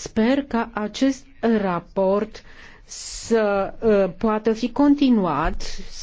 Sper ca acest raport să uh, poată fi continuat